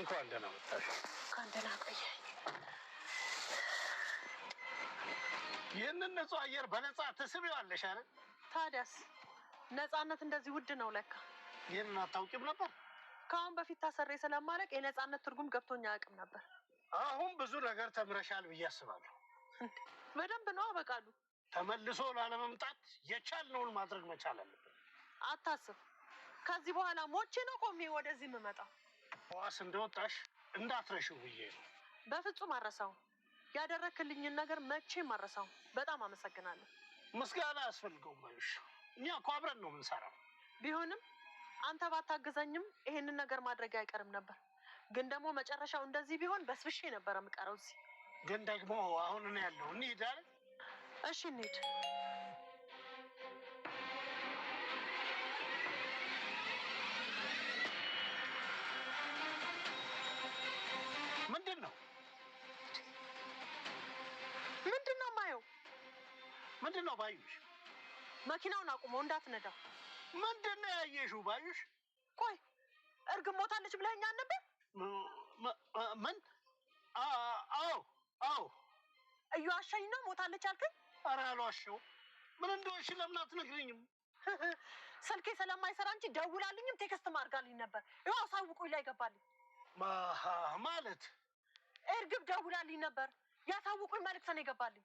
እንኳን ደህና መጣሽ። እንኳን ደህና ቆየ። ይህንን ንጹህ አየር በነፃ ትስቢዋለሽ አይደል? ታዲያስ ነፃነት እንደዚህ ውድ ነው ለካ። ይህንን አታውቂም ነበር? ከአሁን በፊት ታሰሬ ስለማለቅ የነፃነት ትርጉም ገብቶኛ አያውቅም ነበር። አሁን ብዙ ነገር ተምረሻል ብዬ አስባለሁ። በደንብ ነው አበቃሉ። ተመልሶ ላለመምጣት የቻልነውን ማድረግ መቻል አለብን። አታስብ። ከዚህ በኋላ ሞቼ ነው ቆሜ ወደዚህ የምመጣው። ከዋስ እንደወጣሽ እንዳትረሽው ብዬ ነው። በፍጹም አረሳው። ያደረክልኝን ነገር መቼ ማረሳው? በጣም አመሰግናለሁ። ምስጋና አስፈልገው ባዩሽ፣ እኛ እኮ አብረን ነው የምንሰራው። ቢሆንም አንተ ባታግዘኝም ይሄንን ነገር ማድረግ አይቀርም ነበር። ግን ደግሞ መጨረሻው እንደዚህ ቢሆን በስብሼ ነበረ የምቀረው እዚህ። ግን ደግሞ አሁን ነው ያለው። እንሂድ አይደል? እሺ እንሂድ። ምንድን ነው ምንድን ነው የማየው? ምንድን ነው ባዩሽ? መኪናውን አቁመው እንዳትነዳው። ምንድን ነው ያየሽው ባዩሽ? ቆይ እርግብ ሞታለች ብለኛ ነበር? ምን? አዎ አዎ። እዩ ነው ሞታለች አልከኝ። ኧረ አልዋሸሁም። ምን እንደሆንሽ ለምን አትነግረኝም? ስልኬ ስለማይሰራ እንጂ ደውላልኝም ቴክስትም አድርጋልኝ ነበር። ይኸው አሳውቁኝ ላይ ገባልኝ ማለት እርግብ ደውላልኝ ነበር። ያሳውቁኝ መልዕክት ነው የገባልኝ።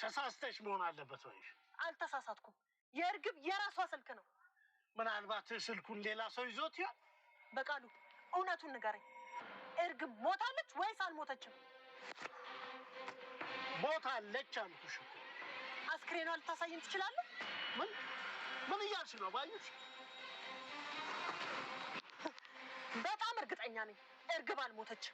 ተሳስተሽ መሆን አለበት ወይ? አልተሳሳትኩም። የእርግብ የራሷ ስልክ ነው። ምናልባት ስልኩን ሌላ ሰው ይዞት ይሆን? በቃሉ እውነቱን ንገረኝ። እርግብ ሞታለች ወይስ አልሞተችም? ሞታለች አልኩሽ። አስክሬኗ ልታሳይን ትችላለህ? ምን ምን እያልሽ ነው? ባየሽ፣ በጣም እርግጠኛ ነኝ። እርግብ አልሞተች።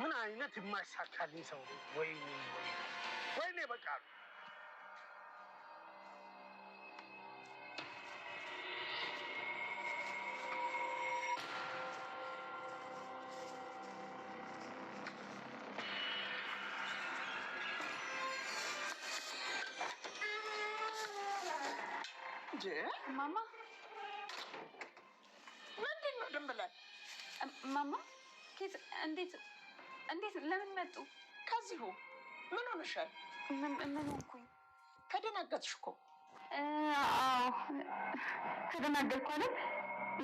ምን አይነት የማይሳካልኝ ሰው ወይ እንጂ ማማ ምንድን ነው ድንብላል? ማማ ኬት እንዴት እንዴት ለምን መጡ? ከዚሁ ምን ሆነሻል? ምን ሆንኩኝ? ከደናገጥሽ እኮ ከደናገጥኩ አለት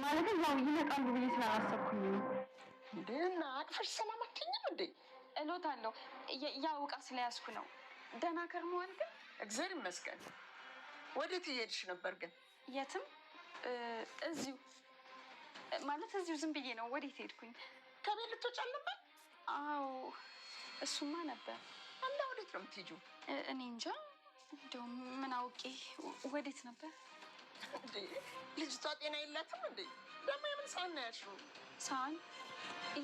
ማለት ያው ይመጣሉ ብዬ ስላላሰብኩኝ ነው። እንዴና አቅፈሽ ሰላም አትይኝም እንዴ? እሎታለሁ ያው እቃ ስለያዝኩ ነው። ደህና ከርመዋል ግን? እግዚአብሔር ይመስገን። ወዴት እየሄድሽ ነበር ግን? የትም እዚሁ ማለት እዚሁ ዝም ብዬ ነው። ወዴት ሄድኩኝ? ከቤት ልትወጪ አልነበር? አዎ እሱማ ነበር። እና ወዴት ነው የምትሄጂው? እኔ እንጃ። እንደውም ምን አውቄ ወዴት ነበር። ልጅቷ ጤና የላትም እንዴ? ደግሞ የምን ሰሀን ነው ያልሽው? ሰሀን?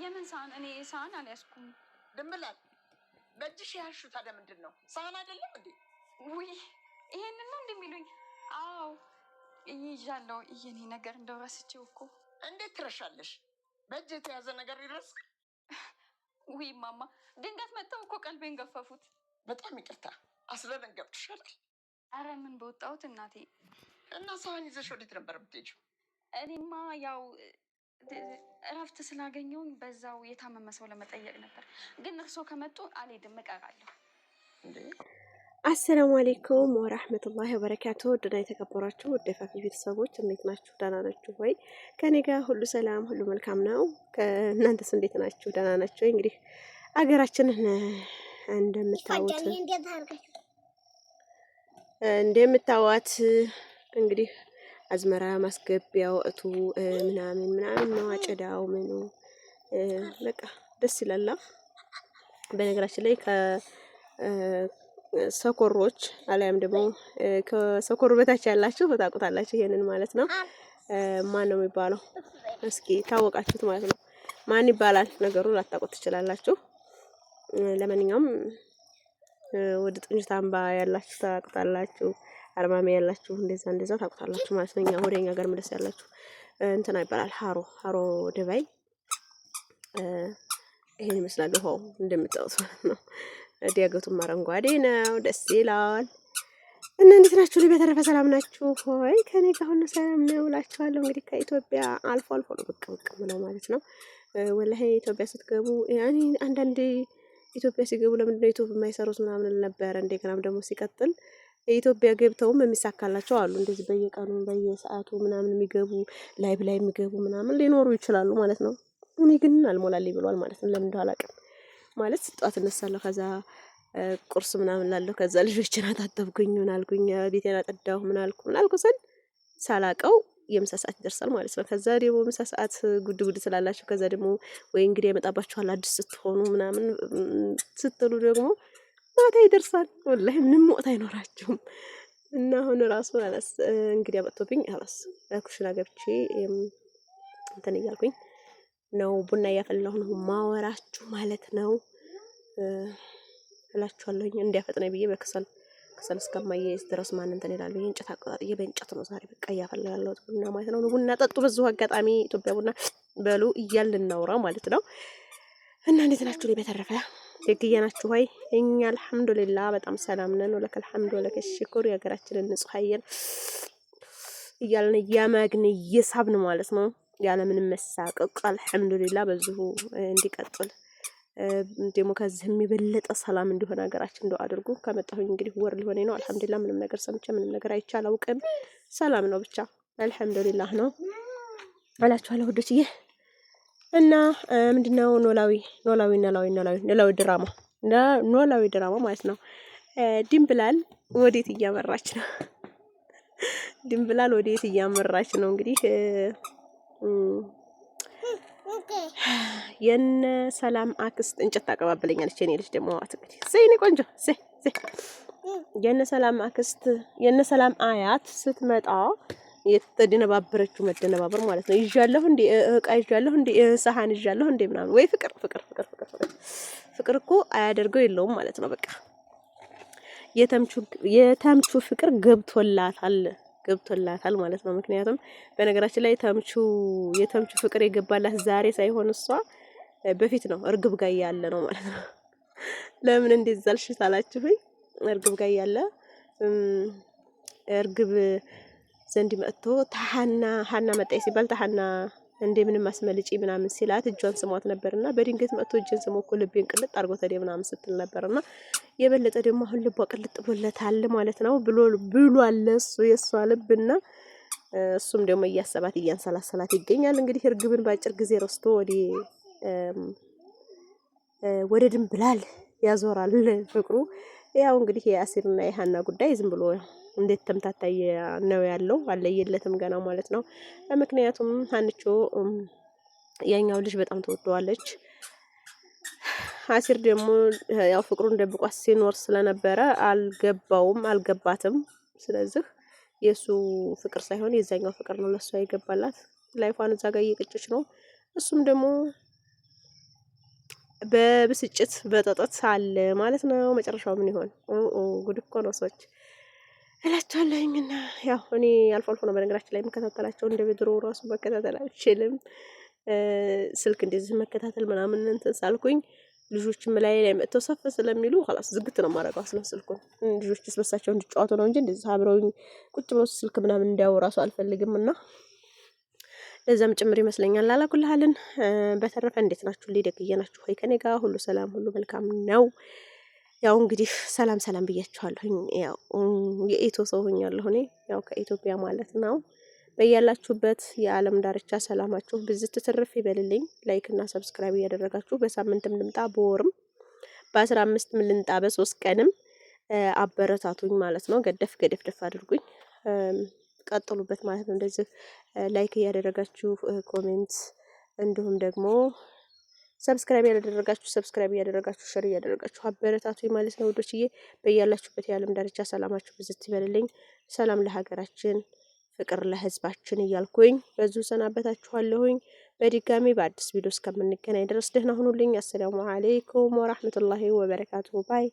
የምን ሰሀን? እኔ ሰሀን አልያዝኩም። ድንብላል በእጅሽ ያልሽው ታዲያ ምንድን ነው? ሰሀን አይደለም እንዴ? ውይ ይሄንን ነው እንደሚሉኝ? አዎ ይዣለሁ። እየኔ ነገር እንደው ረስቼው እኮ። እንዴት ትረሻለሽ? በእጅ የተያዘ ነገር ይረስ? ውይ ማማ፣ ድንገት መጥተው እኮ ቀልቤን ገፈፉት። በጣም ይቅርታ አስደነገጥኩሻል። አረ ምን በወጣሁት እናቴ። እና ሰሃን ይዘሽ ወዴት ነበር የምትሄጂው? እኔማ ያው እረፍት ስላገኘውን በዛው የታመመ ሰው ለመጠየቅ ነበር። ግን እርሶ ከመጡ አልሄድም፣ እቀራለሁ። አሰላሙ አሌይኩም ወራህመቱላሂ ወበረካቱ ድና የተከበራችሁ ወደ ፋፊ ቤተሰቦች እንዴት ናችሁ? ደህና ናችሁ ወይ? ከኔ ጋር ሁሉ ሰላም፣ ሁሉ መልካም ነው። እናንተስ እንዴት ናችሁ? ደህና ናችሁ እንግዲህ አገራችንን እንደምታወት እንደምታዋት እንግዲህ አዝመራ ማስገቢያ ወቅቱ ምናምን ምናምን ነው። አጨዳው ምኑ በቃ ደስ ይላላ። በነገራችን ላይ ሰኮሮች አሊያም ደግሞ ከሰኮር በታች ያላችሁ ታውቁታላችሁ። ይሄንን ማለት ነው። ማን ነው የሚባለው? እስኪ ታወቃችሁት ማለት ነው። ማን ይባላል? ነገሩ ላታውቁት ትችላላችሁ። ለማንኛውም ወደ ጥንጅት አምባ ያላችሁ ታውቁታላችሁ። አርማሜ ያላችሁ እንደዛ እንደዛ ታውቁታላችሁ ማለት ነው። እኛ ወደ እኛ ሀገር መለስ ያላችሁ እንትና ይባላል። ሀሮ ሀሮ ደባይ ይሄን ይመስላል። ውሃው እንደምታውቁት ማለት ነው። ዲያገቱም አረንጓዴ ነው፣ ደስ ይላል። እና እንዴት ናችሁ? ልቤ ተረፈ ሰላም ናችሁ ሆይ? ከኔ ጋር ሁሉ ሰላም ነው እላችኋለሁ። እንግዲህ ከኢትዮጵያ አልፎ አልፎ ነው ብቅ ብቅ ምለው ማለት ነው። ወላሂ ኢትዮጵያ ስትገቡ ያኔ አንዳንዴ ኢትዮጵያ ሲገቡ ለምንድነው ዩቱብ የማይሰሩት ምናምን ነበረ። እንደገናም ደግሞ ሲቀጥል ኢትዮጵያ ገብተውም የሚሳካላቸው አሉ። እንደዚህ በየቀኑ በየሰዓቱ ምናምን የሚገቡ ላይብ ላይ የሚገቡ ምናምን ሊኖሩ ይችላሉ ማለት ነው። እኔ ግን አልሞላልኝ ብሏል ማለት ነው። ለምን እንደው አላውቅም። ማለት ጠዋት እነሳለሁ ከዛ ቁርስ ምናምን ላለሁ ከዛ ልጆችን አታጠብኩኝ ምናልኩኝ፣ ቤቴን አጠዳሁ ምናልኩ ምናልኩ ስል ሳላቀው የምሳ ሰዓት ይደርሳል ማለት ነው። ከዛ ደግሞ ምሳ ሰዓት ጉድ ጉድ ስላላቸው ከዛ ደግሞ ወይ እንግዲህ ያመጣባችኋል አዲስ ስትሆኑ ምናምን ስትሉ ደግሞ ማታ ይደርሳል። ወላሂ ምንም ወቅት አይኖራችሁም። እና አሁን ራሱ እንግዲህ አመጥቶብኝ ራስ ኩሽና ገብቼ እንትን እያልኩኝ ነው ቡና እያፈላሁ ነው ማወራችሁ ማለት ነው እላችኋለሁኝ። እንዲያፈጥነ ብዬ በክሰል ክሰል እስከማየዝ ድረስ ማን እንትን ይላል ብዬ እንጨት አቆጣጥዬ በእንጨት ነው ዛሬ በቃ እያፈላ ያለሁት ቡና ማለት ነው። ቡና ጠጡ፣ በዚሁ አጋጣሚ ኢትዮጵያ ቡና በሉ እያልን እናውራ ማለት ነው። እና እንዴት ናችሁ? ላይ በተረፈ ደግዬ ናችሁ ሆይ እኛ አልሐምዱሊላ በጣም ሰላም ነን። ወለከ አልሐምዱ ወለከ ሽኩር የሀገራችንን ንጹህ አየር እያልን እያመግን እየሳብን ማለት ነው። ያለምንም መሳቀቅ አልሐምዱሊላ በዚሁ እንዲቀጥል ደግሞ ከዚህ የበለጠ ሰላም እንዲሆን ሀገራችን እንደው አድርጉ። ከመጣሁኝ እንግዲህ ወር ሊሆኔ ነው። አልሐምዱሊላ ምንም ነገር ሰምቼ ምንም ነገር አይቼ አላውቅም። ሰላም ነው ብቻ አልሐምዱሊላህ ነው እላችኋለሁ ውዶች። ይህ እና ምንድነው ኖላዊ ኖላዊ ኖላዊ ኖላዊ ኖላዊ ድራማ ኖላዊ ድራማ ማለት ነው። ድንብላል ወዴት እያመራች ነው? ድንብላል ወዴት እያመራች ነው እንግዲህ የነ ሰላም አክስት እንጨት ታቀባብለኛለች። የኔ ልጅ ደግሞ አት እንግዲህ ቆንጆ ዘይ ዘይ የነ ሰላም አክስት የነ ሰላም አያት ስትመጣ የተደነባበረችው መደነባበር ማለት ነው። ይዣለሁ እንዴ እቃ ይዣለሁ እንዴ ሰሃን ይዣለሁ እንዴ ምናምን ወይ ፍቅር ፍቅር ፍቅር ፍቅር ፍቅር እኮ አያደርገው የለውም ማለት ነው። በቃ የተምቹ የተምቹ ፍቅር ገብቶላታል። ገብቶላታል ማለት ነው። ምክንያቱም በነገራችን ላይ ተምቹ የተምቹ ፍቅር የገባላት ዛሬ ሳይሆን እሷ በፊት ነው እርግብ ጋር ያለ ነው ማለት ነው። ለምን እንዲዛልሽ አልሽ እርግብ ጋር ያለ እርግብ ዘንድ መጥቶ ታሀና ሀና መጣይ ሲባል ታሀና እንዴ ምንም አስመልጪ ምናምን ሲላት እጇን ስሟት ነበርና በድንገት መጥቶ እጄን ስሞ እኮ ልቤን ቅልጥ አድርጎ ተዴ ምናምን ስትል ነበርና የበለጠ ደግሞ አሁን ልቧ ቅልጥ ብሎለታል ማለት ነው ብሎ ብሏል እሱ የእሷ ልብና እሱም ደግሞ እያሰባት እያንሰላሰላት ይገኛል። እንግዲህ እርግብን በአጭር ጊዜ ረስቶ ወደ ወደ ድንብላል ያዞራል ፍቅሩ። ያው እንግዲህ የአሲርና የሀና ጉዳይ ዝም ብሎ እንዴት ተምታታ ነው ያለው፣ አለየለትም ገና ማለት ነው። ምክንያቱም ሀንቾ ያኛው ልጅ በጣም ተወደዋለች። አሲር ደግሞ ያው ፍቅሩን ደብቋት ሲኖር ስለነበረ አልገባውም፣ አልገባትም። ስለዚህ የእሱ ፍቅር ሳይሆን የዛኛው ፍቅር ነው ለእሷ ይገባላት። ላይፏን እዛ ጋር እየቅጭች ነው። እሱም ደግሞ በብስጭት በጠጠት አለ ማለት ነው። መጨረሻው ምን ይሆን? ጉድ እኮ ነው ሰዎች እላቸዋለሁኝና ያው እኔ አልፎ አልፎ ነው በነገራችን ላይ የምከታተላቸው። እንደ ቤድሮ ራሱ መከታተል አልችልም። ስልክ እንደዚህ መከታተል ምናምን እንትን ሳልኩኝ ልጆችም ላይ ላይ መጥተው ሰፍ ስለሚሉ ላስ ዝግት ነው ማድረገው አስለ ስልኩን ልጆች ስበሳቸው እንዲጫወቱ ነው እንጂ እንደዚህ አብረውኝ ቁጭ ብሎ ስልክ ምናምን እንዲያው ራሱ አልፈልግም እና ለዛም ጭምር ይመስለኛል። ላላኩልሃልን በተረፈ እንዴት ናችሁ? ሊደግየ ናችሁ ወይ? ከኔ ጋር ሁሉ ሰላም፣ ሁሉ መልካም ነው። ያው እንግዲህ ሰላም ሰላም ብያችኋለሁኝ። ያው የኢትዮ ሰው ሆኛለሁ እኔ ያው ከኢትዮጵያ ማለት ነው። በያላችሁበት የዓለም ዳርቻ ሰላማችሁ ብዝት ትርፍ ይበልልኝ። ላይክ እና ሰብስክራይብ እያደረጋችሁ በሳምንትም ልምጣ በወርም በአስራ አምስትም ልምጣ በሶስት ቀንም አበረታቱኝ ማለት ነው። ገደፍ ገደፍ ደፍ አድርጉኝ። ቀጥሉበት ማለት ነው። እንደዚህ ላይክ እያደረጋችሁ ኮሜንት፣ እንዲሁም ደግሞ ሰብስክራይብ ያላደረጋችሁ ሰብስክራይብ እያደረጋችሁ ሸር እያደረጋችሁ አበረታቱ ማለት ነው ውዶችዬ። በያላችሁበት የዓለም ዳርቻ ሰላማችሁ ብዝት ይበልልኝ። ሰላም ለሀገራችን፣ ፍቅር ለህዝባችን እያልኩኝ በዚሁ ሰናበታችኋለሁኝ። በድጋሚ በአዲስ ቪዲዮ እስከምንገናኝ ድረስ ደህና ሁኑልኝ። አሰላሙ አሌይኩም ወራህመቱላሂ ወበረካቱሁ ባይ